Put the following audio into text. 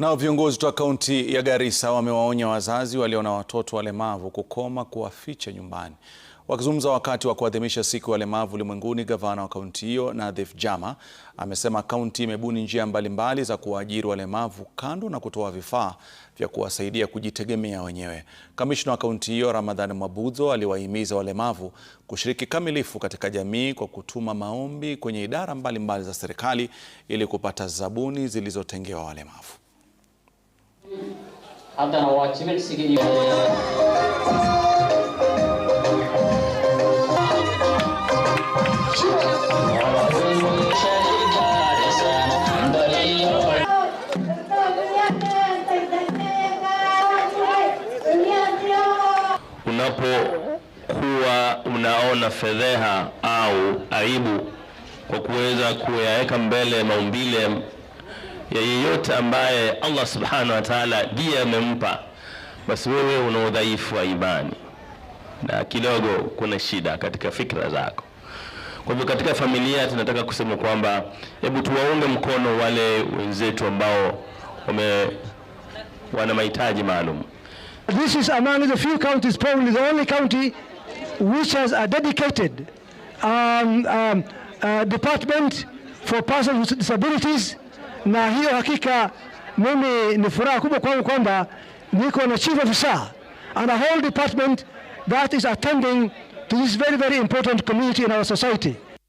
Nao viongozi kutoka kaunti ya Garissa wamewaonya wazazi walio na watoto walemavu kukoma kuwaficha nyumbani. Wakizungumza wakati wa kuadhimisha siku ya walemavu ulimwenguni, gavana wa kaunti hiyo Nadhif Jama amesema kaunti imebuni njia mbalimbali za kuwaajiri walemavu kando na kutoa vifaa vya kuwasaidia kujitegemea wenyewe. Kamishna wa kaunti hiyo Ramadhan Mwabudzo aliwahimiza walemavu kushiriki kamilifu katika jamii kwa kutuma maombi kwenye idara mbalimbali mbali za serikali ili kupata zabuni zilizotengewa walemavu haddana waa unapokuwa unaona fedheha au aibu kwa kuweza kuyaweka mbele maumbile ya yeyote ambaye Allah subhanahu wa ta'ala ndiye amempa, basi wewe una udhaifu wa imani na kidogo kuna shida katika fikra zako. Kwa hivyo katika familia tunataka kusema kwamba hebu tuwaunge mkono wale wenzetu ambao wame, wana mahitaji maalum. This is among the few counties, probably the only county which has a dedicated um, um, uh, department for persons with disabilities na hiyo hakika mimi ni furaha kubwa kwangu kwamba niko na chief of staff and a whole department that is attending to this very very important community in our society.